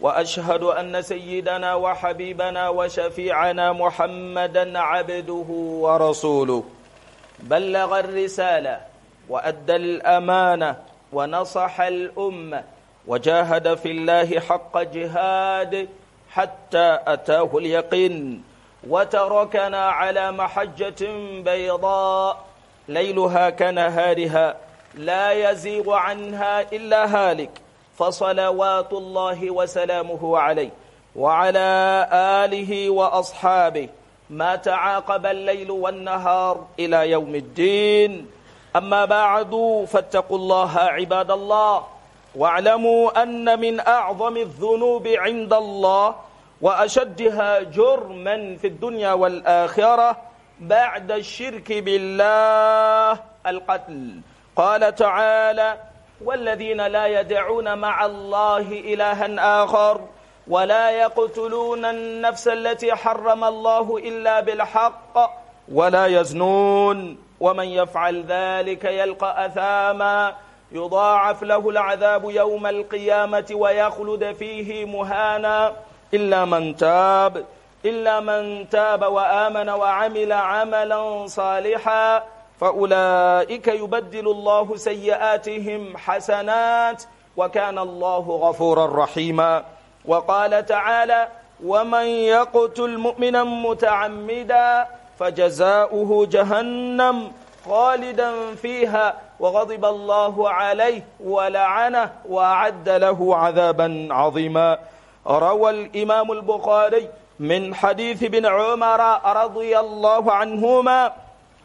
واشهد ان سيدنا وحبيبنا وشفيعنا محمدا عبده ورسوله بلغ الرساله وادى الامانه ونصح الامه وجاهد في الله حق جهاد حتى اتاه اليقين وتركنا على محجه بيضاء ليلها كنهارها لا يزيغ عنها الا هالك فصلوات الله وسلامه عليه وعلى آله وأصحابه ما تعاقب الليل والنهار إلى يوم الدين أما بعد فاتقوا الله عباد الله واعلموا أن من أعظم الذنوب عند الله وأشدها جرما في الدنيا والآخرة بعد الشرك بالله القتل قال تعالى والذين لا يدعون مع الله إلها آخر ولا يقتلون النفس التي حرم الله إلا بالحق ولا يزنون ومن يفعل ذلك يلقى أثاما يضاعف له العذاب يوم القيامة ويخلد فيه مهانا إلا من تاب إلا من تاب وآمن وعمل عملا صالحا فأولئك يبدل الله سيئاتهم حسنات وكان الله غفورا رحيما وقال تعالى ومن يقتل مؤمنا متعمدا فجزاؤه جهنم خالدا فيها وغضب الله عليه ولعنه وأعد له عذابا عظيما روى الإمام البخاري من حديث بن عمر رضي الله عنهما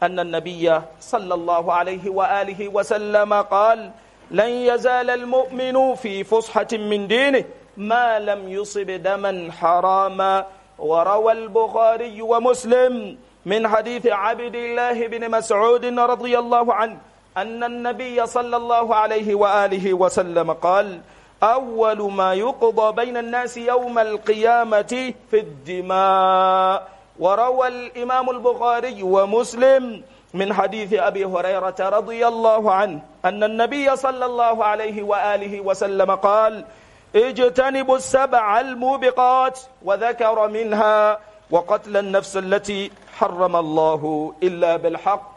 أن النبي صلى الله عليه وآله وسلم قال لن يزال المؤمن في فصحة من دينه ما لم يصب دما حراما وروى البخاري ومسلم من حديث عبد الله بن مسعود رضي الله عنه أن النبي صلى الله عليه وآله وسلم قال أول ما يقضى بين الناس يوم القيامة في الدماء وروى الإمام البخاري ومسلم من حديث أبي هريرة رضي الله عنه أن النبي صلى الله عليه وآله وسلم قال اجتنبوا السبع الموبقات وذكر منها وقتل النفس التي حرم الله إلا بالحق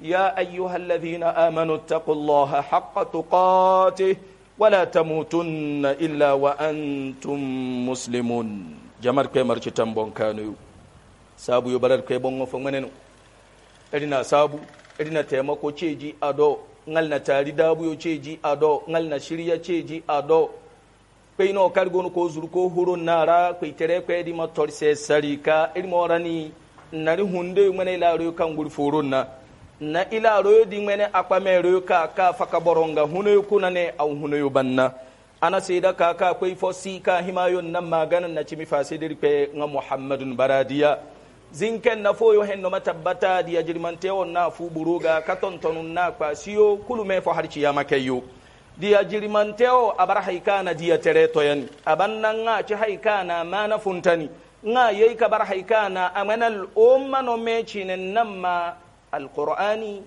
يا أيها الذين آمنوا اتقوا الله حق تقاته ولا تموتن إلا وأنتم مسلمون جمر كمر تنبون كانوا sabu yo barar kai bongo fo maneno edina sabu edina taimako ceji ado ngal na tari dabu yo ceji ado ngal na shirya ceji ado kwe no kargo ko zuru ko huru nara kwe tere kwe di motor se sarika edi morani nari hunde mene la ro kan gur foro na na ila ro di mene akwa me ro ka ka faka boronga huno kuna ne au huno yo banna ana sai ka kaka akwai fosi ka himayon nan maganan na cimi fasidir pe nga muhammadun baradiya zinken na foyo hen no matabbata di ajrimante on na fu buruga katon tonun na kwasiyo kulume fo harci ya makayyo di ajrimante o abar haikana di tereto yan abannan nga ci haikana mana funtani nga yayi kabar haikana amanal umma no meci nan namma alqur'ani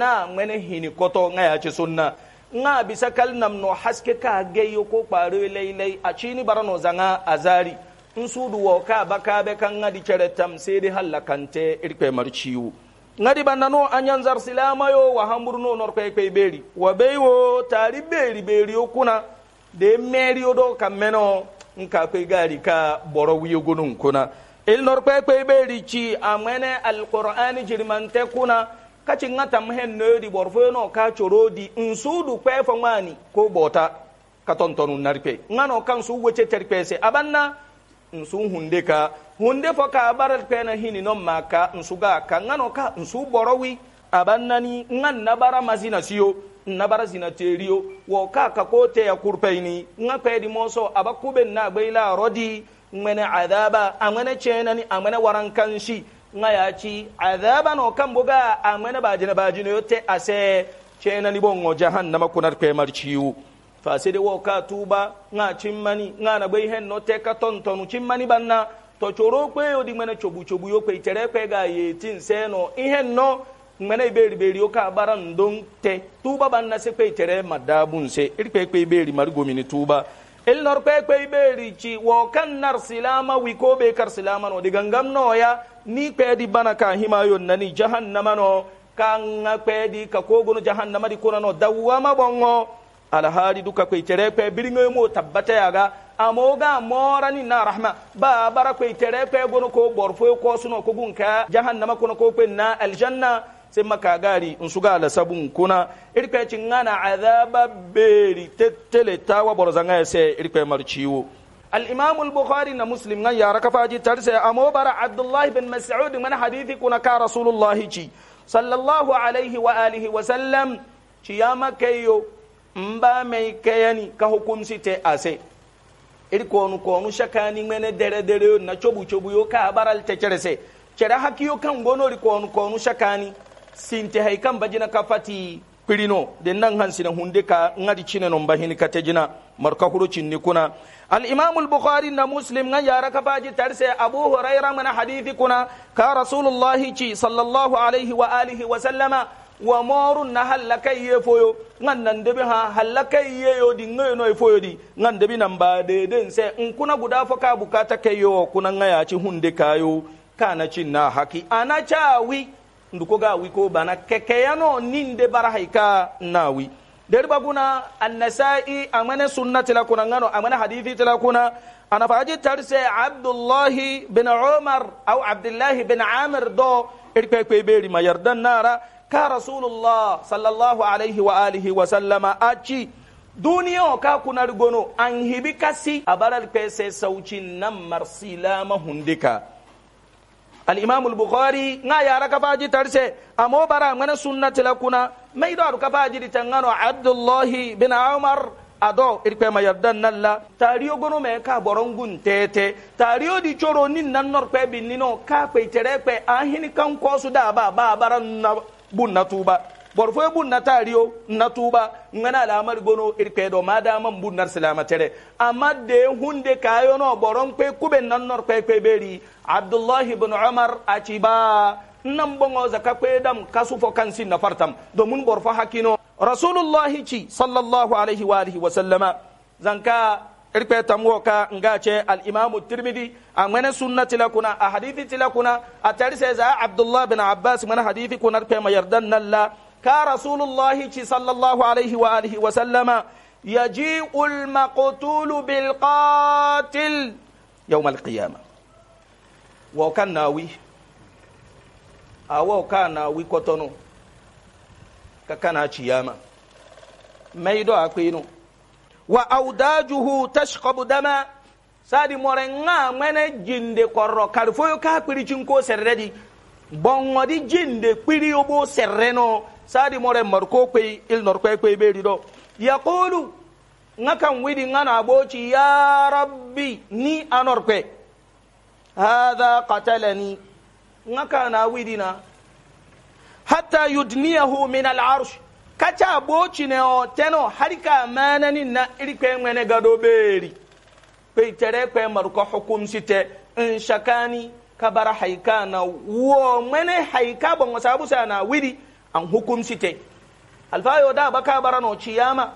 na mene hini koto nga ya ci sunna nga bisa kalnam no haske ka geyo ko kwaro lailai a cini barano zanga azari su duwa ka ba ka be kan ngadi kere tam sedi halla kante irpe marciu ngadi bandano anyan zar silama yo wa hamburu no nor beri wa wo tari beri beri okuna de meri odo kameno nka kwe gari ka boro wiyo gunun kuna il nor kwe beri ci amene alqur'ani jirmante kuna kaci nga tam hen di bor fo ka coro di nsudu kwe fo ko bota ka tontonu narpe ngano kan su wece se abanna nsu hunde ka hunde fo ka baral pena hini no maka nsu ga ka ngano ka nsu borowi abannani ngan na bara mazina siyo bara zina teriyo wo ka ka kote ya kurpaini nga pedi moso abakube na gbeila rodi ngmene adaba amene ni amene warankanshi nga ya adaba no kamboga amene bajina bajina yote ase chena ni bongo jahannama kunar kwe marchiu fa wo ka tuba ŋa cimmani ŋa na ɓey hen no teka tontonu cimmani ɓanna to coro kpeyo di ŋmene cobu cobu yo kpey tere kpe ga yetin seno ihen no ŋmene ɓeri ɓeri yo ka ɓara ndon te tuba ɓanna se kpey tere madabun se iri kpey kpey ɓeri mari gomini tuba il nor kpey kpey ɓeri ci wo kan nar silama wi ko kar silama no diga ngam noya ni kpeydi bana ka himayon nani jahannama no ka ŋa kpeydi ka kogono jahannama di kunano dawwama ɓongo alhali duka kwe tere kwe biringo mo tabbata yaga amoga mora ni na rahma ba bara kwe tere gono ko borfo ko suno ko gunka jahannama kono ko kwe na aljanna sai makagari in suga la sabun kuna irkwe cingana azaba beri tetele tawa borzanga ya sai irkwe marciwo الإمام البخاري مسلم يا ركفاجي ترسي أمو برا عبد الله بن مسعود من حديث كنا رسول الله صلى الله عليه وآله وسلم شياما كيو mba mai kayani ka hukunci te ase iri konu konu shakani mene dere dere na chobu chobu yo ka baral te kerese chere haki yo kan gono iri konu konu shakani sinte hay kan bajina ka fati pirino de nan hansi na hunde ka ngadi chine no mbahin ka tejina marka huru chinni kuna al imam al bukhari na muslim nga yara ka baji tarse abu hurairah mana hadithi kuna ka rasulullah ci sallallahu alaihi wa alihi wa sallama wa moru na halakai ye foyo ngan nan debi ha halakai ye yo di ngoy no foyo di ngan debi nan ba de den se in guda fa ka bukata kai yo kuna ngaya ci hunde kayo kana ci na haki ana chawi nduko ga wi ko bana keke yano ninde bara haika nawi deri baguna annasai amane sunnati la kuna ngano amane hadithi la kuna ana faji tarse abdullahi bin umar au abdullahi bin amir do irkwe kwe beri ma nara ka rasulullah sallallahu alaihi wa alihi wa sallama aci duniya ka kunar gono an hibi kasi a barar pese saucin nan marsila mahundika الإمام البخاري نا يا ركفاجي ترسي أمو برا من سنة لكنا ما يدو ركفاجي تنغنو عبد الله بن عمر ado irpe ma yardan nalla tariyo gono me ka borongun tete tariyo di choro nin nan nor pe binino ka pe tere pe ahini kan kosu da ba ba baran na bun na tuba borfo bun na tariyo na tuba ngana gono irpe madama bun nar salama tere hunde kayo no boron pe kube nan nor pe pe beri abdullahi ibn umar aciba nan bongo zaka pe dam kasufo kansin na fartam domin borfo hakino rasulullahi ci sallallahu alaihi wa alihi wa sallama zanka irkpe tamwo ka nga che al imam tirmidhi amana sunnati la kuna ahadithi tila kuna atari se za abdullah bin abbas mana hadithi kuna irkpe mayardan nalla ka rasulullah chi sallallahu alaihi wa alihi wa sallama يجيء المقتول بالقاتل يوم القيامة وكان ناوي أو كان ناوي كتنو ككنا قيامة ما يدعى قينو wa audajuhu tashkabu dama sadi more nga mene jinde korro kar foyo ka kpiri cinko serre di bongo di jinde kpiri obo serre no sadi more marko kwe il norko kwe beri do yaqulu nga kan widi nga na boci ya rabbi ni anorkwe hadha qatalani nga kana widi na hatta yudniyahu min al arsh kaca bocine o teno hari ka mananin na iri kwe ŋmene gado beeri kwei tere kwe maru ko hukum site in shakani ka bara haika na wo ŋmene haika bongo sabu sa na wiri an hukum site alfayo da baka bara no ciyama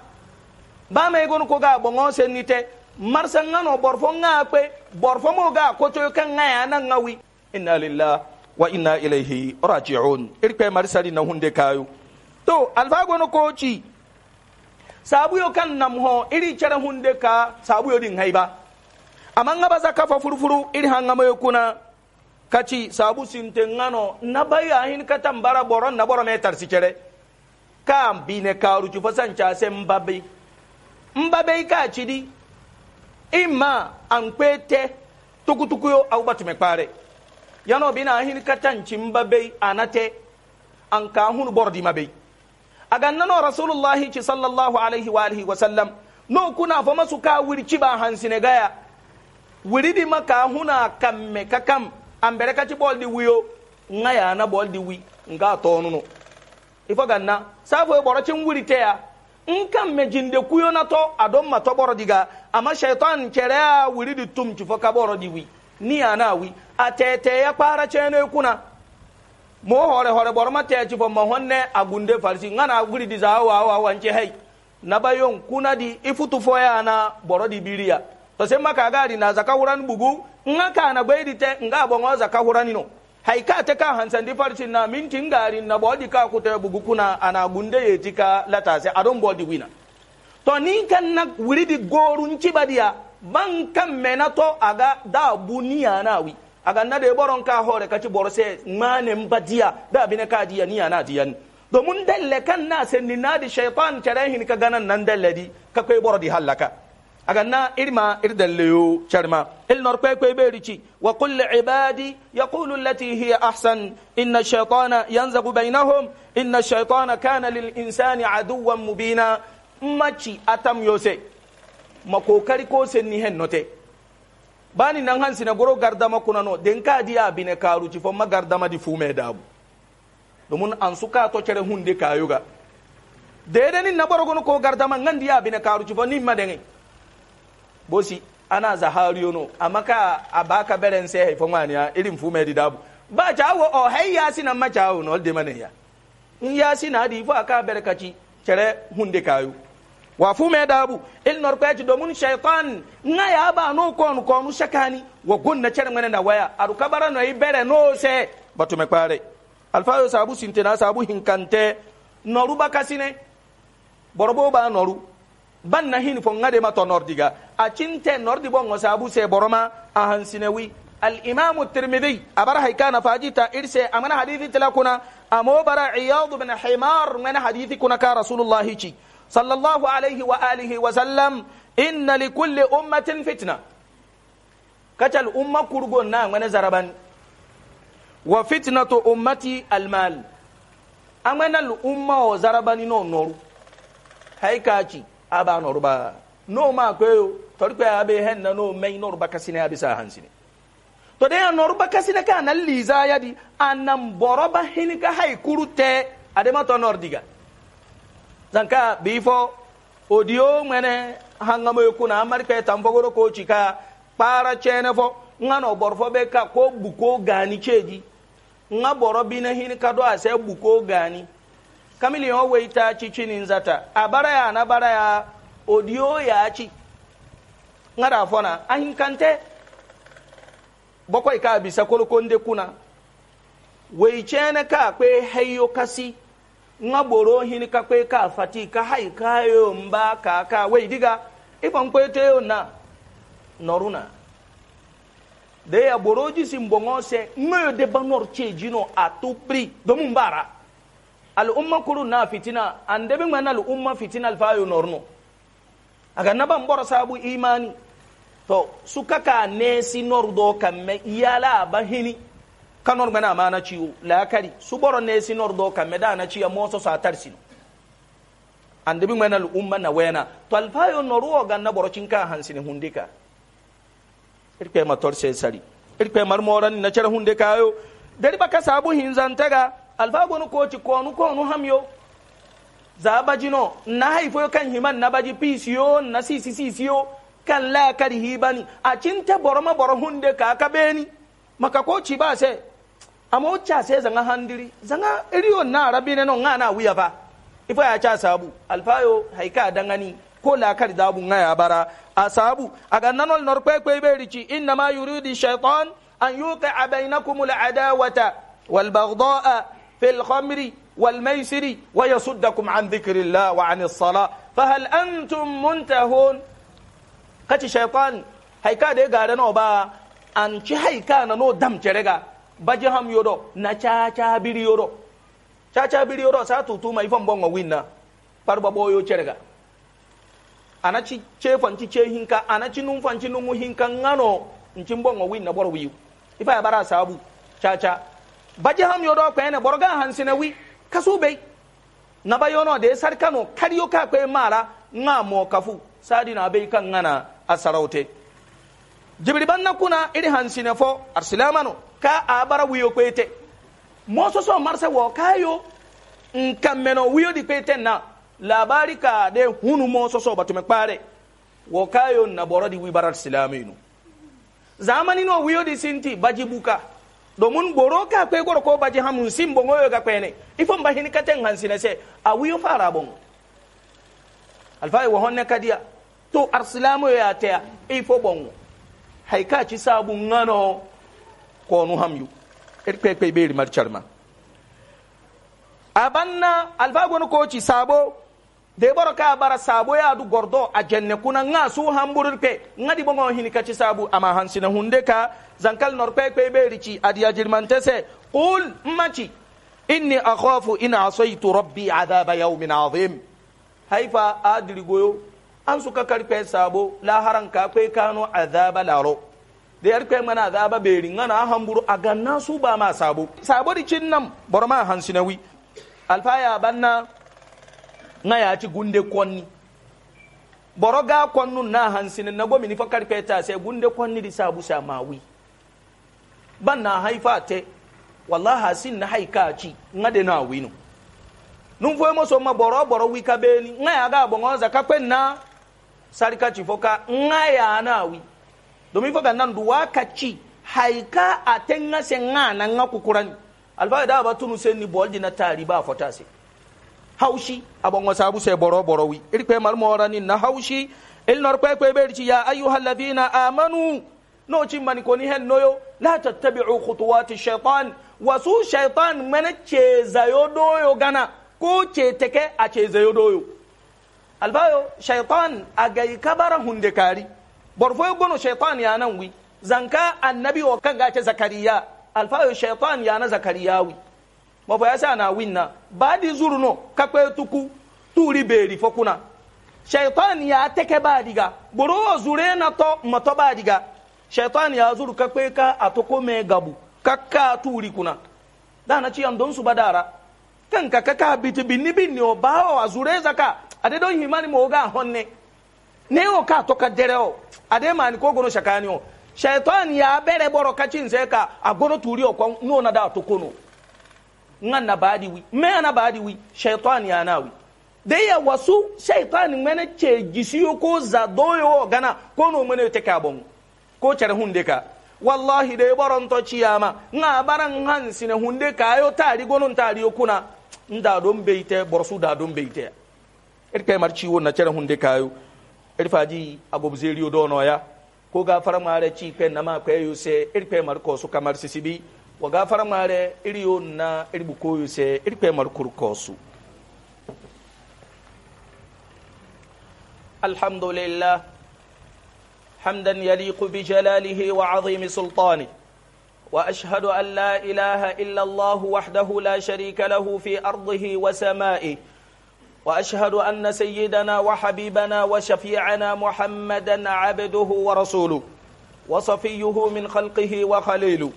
ba mai gonu ko ga bongo sennite marsa ŋa no borfo ŋa kwe borfo mo ga kocoyo kan ŋa ya na ŋa wi inna lillah wa inna ilayhi rajiun iri kwe mari sari na hunde kayo to alfa gono koci saabuyo kan namho iri cara hunde ka saabuyo din hayba amma nga basa kafa furufuru iri hanga moyo kuna kaci saabu sinte ngano nabaya hin katam bara boro na boro me tarsi cere kam bine karu ju fasan cha sem babe mbabe ka chidi imma an kwete tukutuku yo au batu me pare yano bina hin katan chimbabe anate an ka hunu bordi mabe agannano rasulullahi ci sallallahu alaihi wa alihi wa sallam no kuna fa masu ka wirci ba hansine gaya wiridi maka huna kamme kakam ambere kaci bol di wiyo ngaya na bol di wi nga tonuno ifo ganna safo e boro cin wiri teya in kamme jinde kuyo na to adon ma to boro diga amma shaitan kere a wiridi tum ci fo ka boro di wi ni ana wi a tete ya para cene kuna mo hore hore bor ma teji fo ma honne agunde falsi ngana guri di za wa wa wance hay na bayon kuna di ifutu fo ya na boro di biriya to sai maka gari na zaka huran bugu nga ka na bai di te nga bo ngo zaka huran no hay ka te ka hansan ndi falsi na minti ngari na bodi ka ku te bugu kuna ana gunde yetika lata sai adon bodi wina to ni kan na wuri di gorun cibadiya ban kan menato aga da buniya na wi aga na de boron ka hore ka ci borse mane mbadiya da bine ka diya niya na diyan domin dalle kan na sen ni na di shaytan charahin ka ganan nan dalle di ka kai bordi halaka aga na irma irdalle yo charma il nor kwe kwe berici wa qul li ibadi yaqulu allati hiya ahsan inna shaytana yanzagu bainahum inna shaytana kana lil insani aduwwan mubina machi atam yose makokari ko sen ni hen note bani nan hansina goro gardama kunano den ka di abine karuci fo ma gardama di fume dabu domin an suka to cere hunde kayuga dede ni nabaro gono ko gardama ngandi abine karuci fo ni madenge bosi ana zahariyo no amaka abaka beren se he fo mani ya irin fume di dabu ba jawo o hayya sinan ma jawo no de mane ya in ya sina di fo aka berkaci cere hunde kayu wa fu me dabu il nor kwaji domin shaytan nga ya ba no kon kon shakani wa gunna cere ngana da waya aru kabara no ibere no se batu me kware alfayo sabu sintena sabu hinkante noru bakasine borobo ba noru ban na hin fo ngade ma to nordiga a cinte nordi bongo sabu se boroma a hansinewi الإمام الترمذي أبر هيكان فاجيتا إرسى أمنا حديث تلاكنا أمو برا عياض بن حمار من حديث كنا كرسول الله شي صلى الله عليه وآله وسلم إن لكل أمة فتنة كتل أمة كرغونا ونزربا وفتنة أمتي المال أمنا الأمة وزربا نو نور هاي كاتي أبا نوربا نو ما كيو toriko ya abe hen na no mai nor bakasine ya bisa hansine to de nor bakasine ka nan liza yadi anan boroba hin ka hay kurute adema to nor diga zanka bifo a bụ ifo odi onwene hangamekwu na amarikpeta mbogoro ka ochi ka kpara chene fo nga na ọgbọrọfọ be ka ko buko gani chedi nga gbọrọ bi na hini kado ase gbuko gani kamili o weita chichi ni nzata abara ya na bara ya odio ya chi nga da fo na ahin kante bɔkɔ ika bisa koroko nde kuna wei chene ka kwe heyo kasi nga gboro hini ka kwe ka fati ka hai ka yo mba ka ka we diga ifan kwe te yo na noruna de ya gboro ji sin bongo se ngayo de banor che jino a to do mun al umma kuru na fitina an de bin umma fitina al fayo norno aga na ban sabu imani to sukaka ka ne si nor do kan bahini kanor gbana ma na ciwo lakari su boro ne si nor do kamme da na ciya moso sa tarsino ande bi ngana umma na wena to alfayo noruo ganna boro cinka hansini hundika irpe ma torse sari irpe mar moran na cara hundika yo dari baka sabu hinzantaga alfa gonu koci konu konu hamyo za bajino na haifo kan himan na baji pisiyo na sisi sisiyo kan lakari hibani a cinta boro ma boro ka beni maka koci ba sai amma ucase zanga handiri zanga iriyo na rabine no ngana wiya fa ifo ya cha sabu alfayo haika dangani ko lakar dabu ngaya bara asabu aga nanol nor kwe kwe berici inna ma yuridu shaytan an yuqi'a bainakum al'adawata wal baghdha'a fil khamri wal maisiri wa yasuddakum an dhikrillah wa an as-salah fahal antum muntahun kachi shaytan haika de gare no ba an ci haika na no dam cherega bajaham yoɗo na biri cacabiri yoɗo cacabiri yoɗo sa tutuma ifan bongo winna parba ɓoyo cerga anaci ce fanci ce hinka anaci num fanci nungu hinka ŋano ncin bongo winna ɓoro wiyu ifaya bara sabu caca bajaham yoɗo kpene ɓorga hansine wi kasu ɓey naba yono de sarkano kariyo ka kwe mara ŋa mo kafu sadi na ɓey kan ngana a saraute jibiri banna kuna iri hansine fo arsilamano ka abara bara wiyo kwete mososo marsa wo kayo nkameno wiyo di kwete na labari ka de hunu mososo batume kpare wo kayo na boro di wibara arsilamino zamani no wiyo di sinti bajibuka domin gboro ka kwe goro ko baji hamun simbo ngoyo ga kwene ifo mbahini katen hansine se a wiyo fara bon alfa wo honne kadia to arsilamo ya tea ifo bongo hay ka ci sabu ngano konu hamyu er pe pe beeri mar charma abanna alfa no ko ci sabo de boro bara sabo ya du gordo a jenne kuna nga su hamburur pe ngadi bongo hini ka ci sabu ama hansina hunde ka zankal nor pe pe beeri ci adiya jirman tese qul machi inni akhafu in asaytu rabbi adhab yawmin azim haifa adri goyo an suka karfe sabo laharan ka kai kano azaba laro da yar kai mana azaba beri ngana hamburu a ganna su ba ma sabo sabo di cin nan bar ma hansinawi alfaya banna nga ya ci gunde konni boro ga konnun na hansinin na gomini fa karfe ta sai gunde konni di sabu samawi banna haifa te wallahi hasin na haika ci nga de na winu nun fo mo so ma boro boro wi ka beni nga ya ga bongo za zaka kwen na sarka ci foka nga ya na wi domin foka nan duwa ka ci haika a tenga se nga na nga kukuran alba da ba tunu se ni boldi na tari ba fota se haushi abon sabu se boro boro wi iri pe ni na haushi il nor berici ya ci ya amanu no ci mani ko hen noyo la tattabi'u khutuwati shaytan wasu shaytan mana ce zayo doyo gana ko ce take a ce zayo doyo albayo shaitan agai kabara hunde kari borfo gono shaitan ya nan zanka annabi wa kan gace zakariya alfayo shaitan ya na zakariya mafo ya sa winna badi zuruno kakwe tuku turi beri fokuna shaitan ya teke badiga boro zure na to mato badiga shaitan ya zuru kakwe ka atoko me gabu kakka turi kuna dana ci an su badara kan kaka biti o bawo azure zaka adedon himani mo ga honne ne o ka to ka dere o ade mani ko gono shakani o shaitan ya bere boro kachin se ka agono turi o kon no na da to kono ngan na badi wi me na badi wi shaitan ya na wi de ya wasu shaitan mene che o ko za do doyo gana kono mene te ka bon ko chere hunde ka wallahi de boro nto chiyama nga bara hansi ne hunde ka yo tari gono tari okuna nda don beite borosu da don beite ir kai marci wannan cire hunde kayo ir faji agob zeliyo dono ya ko ga fara mare ci kai na ma kai yo se ir kai mar ko su kamar sisibi wa ga fara mare iriyo na ir bu ko yo se ir kai mar kur ko su الحمد لله حمدا يليق بجلاله وعظيم سلطانه واشهد ان لا اله الا الله وحده لا شريك له في ارضه وسمائه واشهد ان سيدنا وحبيبنا وشفيعنا محمدا عبده ورسوله وصفيه من خلقه وخليله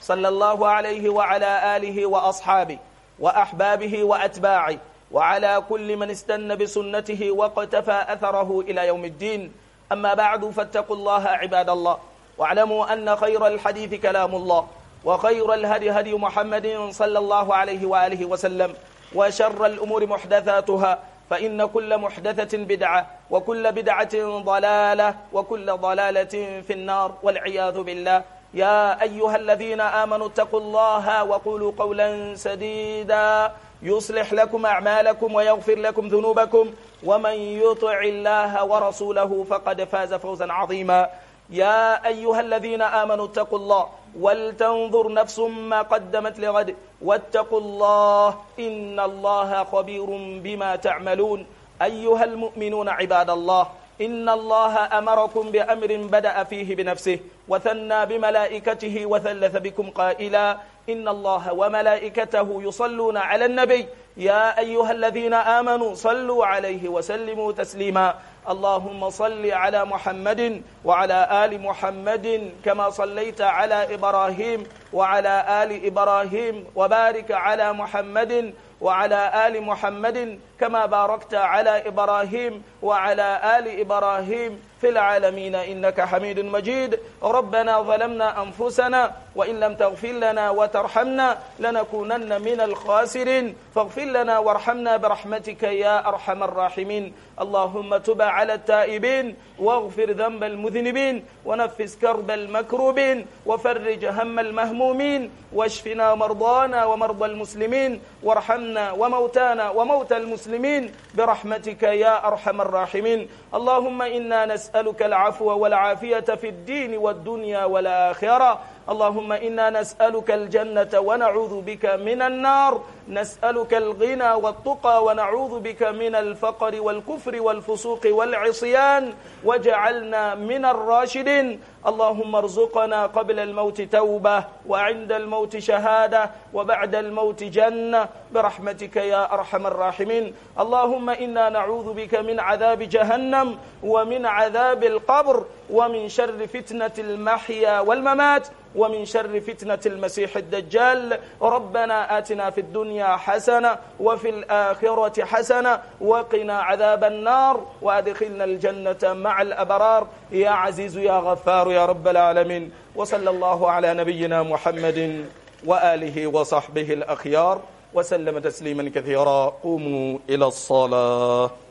صلى الله عليه وعلى اله واصحابه واحبابه واتباعه وعلى كل من استنى بسنته واقتفى اثره الى يوم الدين اما بعد فاتقوا الله عباد الله واعلموا ان خير الحديث كلام الله وخير الهدي هدي محمد صلى الله عليه واله وسلم وشر الأمور محدثاتها فإن كل محدثة بدعة وكل بدعة ضلالة وكل ضلالة في النار والعياذ بالله يا أيها الذين آمنوا اتقوا الله وقولوا قولا سديدا يصلح لكم أعمالكم ويغفر لكم ذنوبكم ومن يطع الله ورسوله فقد فاز فوزا عظيما يا أيها الذين آمنوا اتقوا الله ولتنظر نفس ما قدمت لغد واتقوا الله إن الله خبير بما تعملون أيها المؤمنون عباد الله إن الله أمركم بأمر بدأ فيه بنفسه وثنى بملائكته وثلث بكم قائلا إن الله وملائكته يصلون على النبي يا أيها الذين آمنوا صلوا عليه وسلموا تسليما اللهم صل على محمد وعلى آل محمد كما صليت على إبراهيم وعلى آل إبراهيم وبارك على محمد وعلى آل محمد كما باركت على إبراهيم وعلى آل إبراهيم في العالمين إنك حميد مجيد ربنا ظلمنا أنفسنا وإن لم تغفر لنا وترحمنا لنكونن من الخاسرين فاغفر لنا وارحمنا برحمتك يا أرحم الراحمين اللهم تب على التائبين واغفر ذنب المذنبين ونفس كرب المكروبين وفرج هم المهمومين واشفنا مرضانا ومرضى المسلمين وارحمنا وموتانا وموتى المسلمين برحمتك يا أرحم الراحمين اللهم إنا نسألك العفو والعافية في الدين والدنيا والآخرة اللهم إنا نسألك الجنة ونعوذ بك من النار نسألك الغنى والتقى ونعوذ بك من الفقر والكفر والفسوق والعصيان وجعلنا من الراشدين اللهم ارزقنا قبل الموت توبة وعند الموت شهادة وبعد الموت جنة برحمتك يا أرحم الراحمين اللهم إنا نعوذ بك من عذاب جهنم ومن عذاب القبر ومن شر فتنة المحيا والممات ومن شر فتنة المسيح الدجال ربنا آتنا في الدنيا الدنيا حسنة وفي الآخرة حسنة وقنا عذاب النار وأدخلنا الجنة مع الأبرار يا عزيز يا غفار يا رب العالمين وصلى الله على نبينا محمد وآله وصحبه الأخيار وسلم تسليما كثيرا قوموا إلى الصلاة